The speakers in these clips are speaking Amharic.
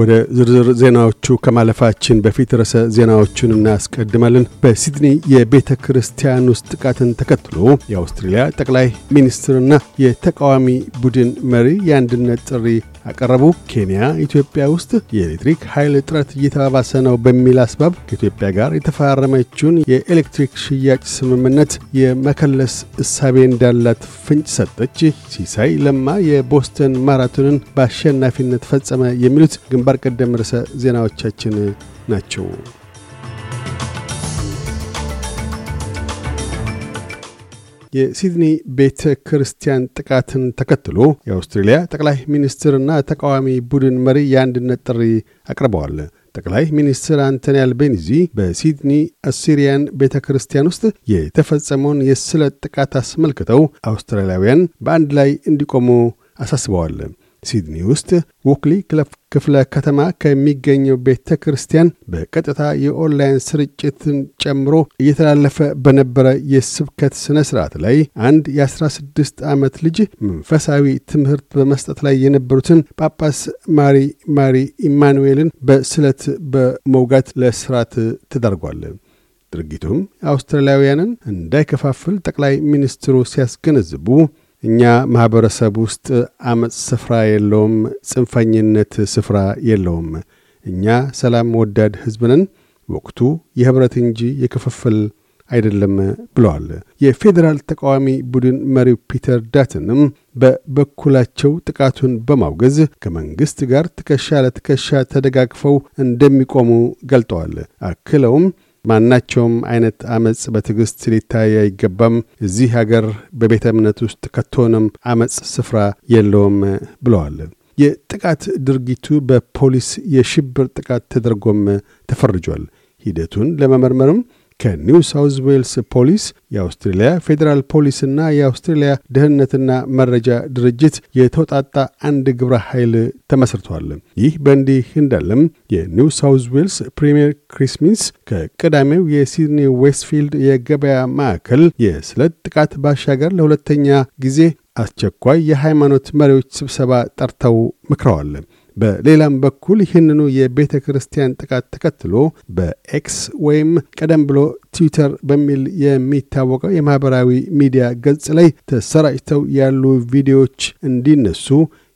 ወደ ዝርዝር ዜናዎቹ ከማለፋችን በፊት ርዕሰ ዜናዎቹን እናስቀድማለን። በሲድኒ የቤተ ክርስቲያን ውስጥ ጥቃትን ተከትሎ የአውስትሬልያ ጠቅላይ ሚኒስትርና የተቃዋሚ ቡድን መሪ የአንድነት ጥሪ አቀረቡ። ኬንያ ኢትዮጵያ ውስጥ የኤሌክትሪክ ኃይል እጥረት እየተባባሰ ነው በሚል አስባብ ከኢትዮጵያ ጋር የተፈራረመችውን የኤሌክትሪክ ሽያጭ ስምምነት የመከለስ እሳቤ እንዳላት ፍንጭ ሰጠች። ሲሳይ ለማ የቦስተን ማራቶንን በአሸናፊነት ፈጸመ። የሚሉት ግንባ ግንባር ቀደም ርዕሰ ዜናዎቻችን ናቸው። የሲድኒ ቤተ ክርስቲያን ጥቃትን ተከትሎ የአውስትሬልያ ጠቅላይ ሚኒስትርና ተቃዋሚ ቡድን መሪ የአንድነት ጥሪ አቅርበዋል። ጠቅላይ ሚኒስትር አንቶኒ አልቤኒዚ በሲድኒ አሲሪያን ቤተ ክርስቲያን ውስጥ የተፈጸመውን የስለት ጥቃት አስመልክተው አውስትራሊያውያን በአንድ ላይ እንዲቆሙ አሳስበዋል። ሲድኒ ውስጥ ዎክሊ ክፍለ ከተማ ከሚገኘው ቤተ ክርስቲያን በቀጥታ የኦንላይን ስርጭትን ጨምሮ እየተላለፈ በነበረ የስብከት ሥነ ሥርዓት ላይ አንድ የ16 ዓመት ልጅ መንፈሳዊ ትምህርት በመስጠት ላይ የነበሩትን ጳጳስ ማሪ ማሪ ኢማኑኤልን በስለት በመውጋት ለስርዓት ተዳርጓል። ድርጊቱም አውስትራሊያውያንን እንዳይከፋፍል ጠቅላይ ሚኒስትሩ ሲያስገነዝቡ እኛ ማኅበረሰብ ውስጥ አመፅ ስፍራ የለውም፣ ጽንፈኝነት ስፍራ የለውም። እኛ ሰላም ወዳድ ሕዝብ ነን። ወቅቱ የኅብረት እንጂ የክፍፍል አይደለም ብለዋል። የፌዴራል ተቃዋሚ ቡድን መሪው ፒተር ዳትንም በበኩላቸው ጥቃቱን በማውገዝ ከመንግሥት ጋር ትከሻ ለትከሻ ተደጋግፈው እንደሚቆሙ ገልጠዋል። አክለውም ማናቸውም አይነት አመፅ በትዕግስት ሊታይ አይገባም። እዚህ ሀገር በቤተ እምነት ውስጥ ከቶንም አመፅ ስፍራ የለውም ብለዋል። የጥቃት ድርጊቱ በፖሊስ የሽብር ጥቃት ተደርጎም ተፈርጇል። ሂደቱን ለመመርመርም ከኒው ሳውዝ ዌልስ ፖሊስ፣ የአውስትሬልያ ፌዴራል ፖሊስና የአውስትሬልያ ደህንነትና መረጃ ድርጅት የተውጣጣ አንድ ግብረ ኃይል ተመስርቷል። ይህ በእንዲህ እንዳለም የኒው ሳውዝ ዌልስ ፕሪምየር ክሪስ ሚንስ ከቀዳሚው የሲድኒ ዌስትፊልድ የገበያ ማዕከል የስለት ጥቃት ባሻገር ለሁለተኛ ጊዜ አስቸኳይ የሃይማኖት መሪዎች ስብሰባ ጠርተው መክረዋል። በሌላም በኩል ይህንኑ የቤተ ክርስቲያን ጥቃት ተከትሎ በኤክስ ወይም ቀደም ብሎ ትዊተር በሚል የሚታወቀው የማኅበራዊ ሚዲያ ገጽ ላይ ተሰራጭተው ያሉ ቪዲዮዎች እንዲነሱ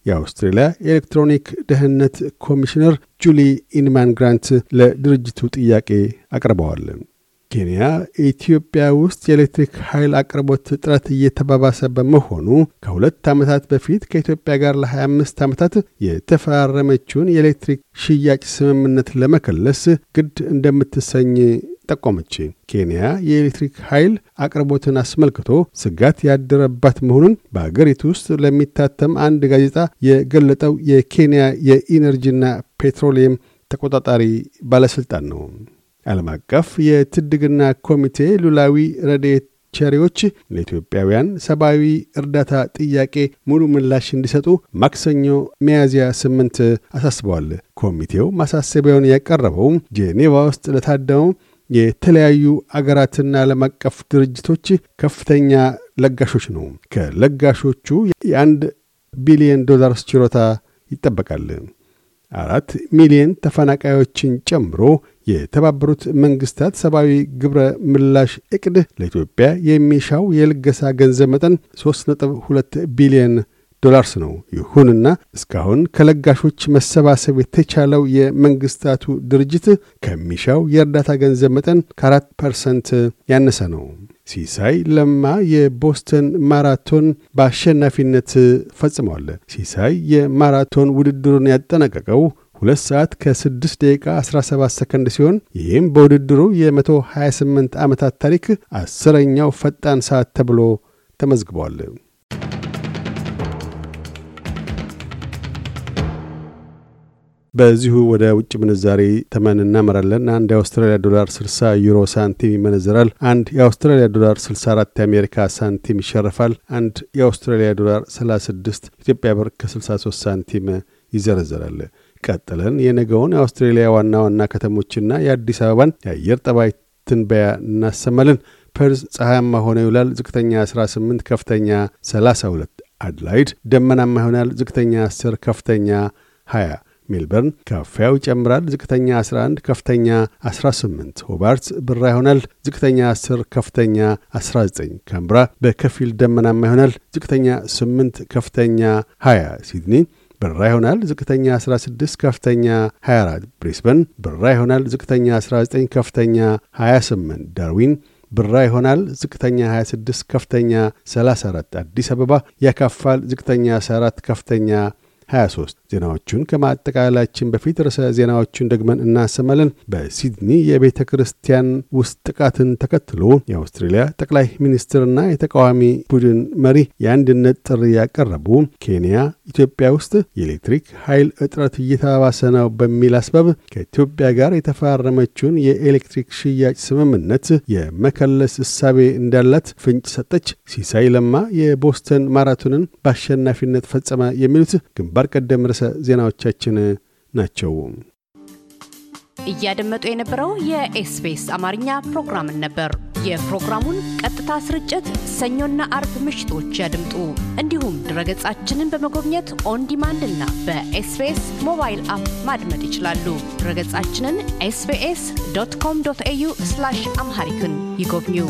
የአውስትሬልያ የኤሌክትሮኒክ ደህንነት ኮሚሽነር ጁሊ ኢንማን ግራንት ለድርጅቱ ጥያቄ አቅርበዋል። ኬንያ ኢትዮጵያ ውስጥ የኤሌክትሪክ ኃይል አቅርቦት እጥረት እየተባባሰ በመሆኑ ከሁለት ዓመታት በፊት ከኢትዮጵያ ጋር ለ25 ዓመታት የተፈራረመችውን የኤሌክትሪክ ሽያጭ ስምምነት ለመከለስ ግድ እንደምትሰኝ ጠቆመች። ኬንያ የኤሌክትሪክ ኃይል አቅርቦትን አስመልክቶ ስጋት ያደረባት መሆኑን በአገሪቱ ውስጥ ለሚታተም አንድ ጋዜጣ የገለጠው የኬንያ የኢነርጂና ፔትሮሊየም ተቆጣጣሪ ባለሥልጣን ነው። ዓለም አቀፍ የትድግና ኮሚቴ ሉላዊ ረዴት ቸሪዎች ለኢትዮጵያውያን ሰብአዊ እርዳታ ጥያቄ ሙሉ ምላሽ እንዲሰጡ ማክሰኞ ሚያዝያ ስምንት አሳስበዋል። ኮሚቴው ማሳሰቢያውን ያቀረበው ጄኔቫ ውስጥ ለታደመው የተለያዩ አገራትና ዓለም አቀፍ ድርጅቶች ከፍተኛ ለጋሾች ነው። ከለጋሾቹ የአንድ ቢሊዮን ዶላርስ ችሮታ ይጠበቃል። አራት ሚሊዮን ተፈናቃዮችን ጨምሮ የተባበሩት መንግስታት ሰብአዊ ግብረ ምላሽ እቅድ ለኢትዮጵያ የሚሻው የልገሳ ገንዘብ መጠን 3.2 ቢሊዮን ዶላርስ ነው። ይሁንና እስካሁን ከለጋሾች መሰባሰብ የተቻለው የመንግስታቱ ድርጅት ከሚሻው የእርዳታ ገንዘብ መጠን ከአራት ፐርሰንት ያነሰ ነው። ሲሳይ ለማ የቦስተን ማራቶን በአሸናፊነት ፈጽሟል። ሲሳይ የማራቶን ውድድሩን ያጠናቀቀው ሁለት ሰዓት ከ6 ደቂቃ 17 ሰከንድ ሲሆን ይህም በውድድሩ የ128 ዓመታት ታሪክ አስረኛው ፈጣን ሰዓት ተብሎ ተመዝግቧል። በዚሁ ወደ ውጭ ምንዛሬ ተመን እናመራለን። አንድ የአውስትራሊያ ዶላር 60 ዩሮ ሳንቲም ይመነዝራል። አንድ የአውስትራሊያ ዶላር 64 የአሜሪካ ሳንቲም ይሸርፋል። አንድ የአውስትራሊያ ዶላር 36 ኢትዮጵያ ብር ከ63 ሳንቲም ይዘረዘራል። ቀጥለን የነገውን የአውስትሬሊያ ዋና ዋና ከተሞችና የአዲስ አበባን የአየር ጠባይ ትንበያ እናሰማለን። ፐርዝ ፀሐያማ ሆነ ይውላል። ዝቅተኛ 18፣ ከፍተኛ 32። አድላይድ ደመናማ ይሆናል። ዝቅተኛ 10፣ ከፍተኛ 20። ሜልበርን ካፊያው ይጨምራል። ዝቅተኛ 11 ከፍተኛ 18። ሆባርት ብራ ይሆናል። ዝቅተኛ 10 ከፍተኛ 19። ካምብራ በከፊል ደመናማ ይሆናል። ዝቅተኛ 8 ከፍተኛ 20። ሲድኒ ብራ ይሆናል። ዝቅተኛ 16 ከፍተኛ 24። ብሪስበን ብራ ይሆናል። ዝቅተኛ 19 ከፍተኛ 28። ዳርዊን ብራ ይሆናል። ዝቅተኛ 26 ከፍተኛ 34። አዲስ አበባ ያካፋል። ዝቅተኛ 14 ከፍተኛ 23 ዜናዎቹን ከማጠቃላችን በፊት ርዕሰ ዜናዎቹን ደግመን እናሰማለን። በሲድኒ የቤተ ክርስቲያን ውስጥ ጥቃትን ተከትሎ የአውስትሬልያ ጠቅላይ ሚኒስትርና የተቃዋሚ ቡድን መሪ የአንድነት ጥሪ ያቀረቡ፣ ኬንያ ኢትዮጵያ ውስጥ የኤሌክትሪክ ኃይል እጥረት እየተባባሰ ነው በሚል አስባብ ከኢትዮጵያ ጋር የተፈራረመችውን የኤሌክትሪክ ሽያጭ ስምምነት የመከለስ እሳቤ እንዳላት ፍንጭ ሰጠች፣ ሲሳይ ለማ የቦስተን ማራቶንን በአሸናፊነት ፈጸመ የሚሉት ግንባር ቀደም ርዕሰ ርዕሰ ዜናዎቻችን ናቸው። እያደመጡ የነበረው የኤስቢኤስ አማርኛ ፕሮግራምን ነበር። የፕሮግራሙን ቀጥታ ስርጭት ሰኞና አርብ ምሽቶች ያድምጡ። እንዲሁም ድረገጻችንን በመጎብኘት ኦንዲማንድ እና በኤስቢኤስ ሞባይል አፕ ማድመጥ ይችላሉ። ድረገጻችንን ኤስቢኤስ ዶት ኮም ዶት ኤዩ አምሃሪክን ይጎብኙ።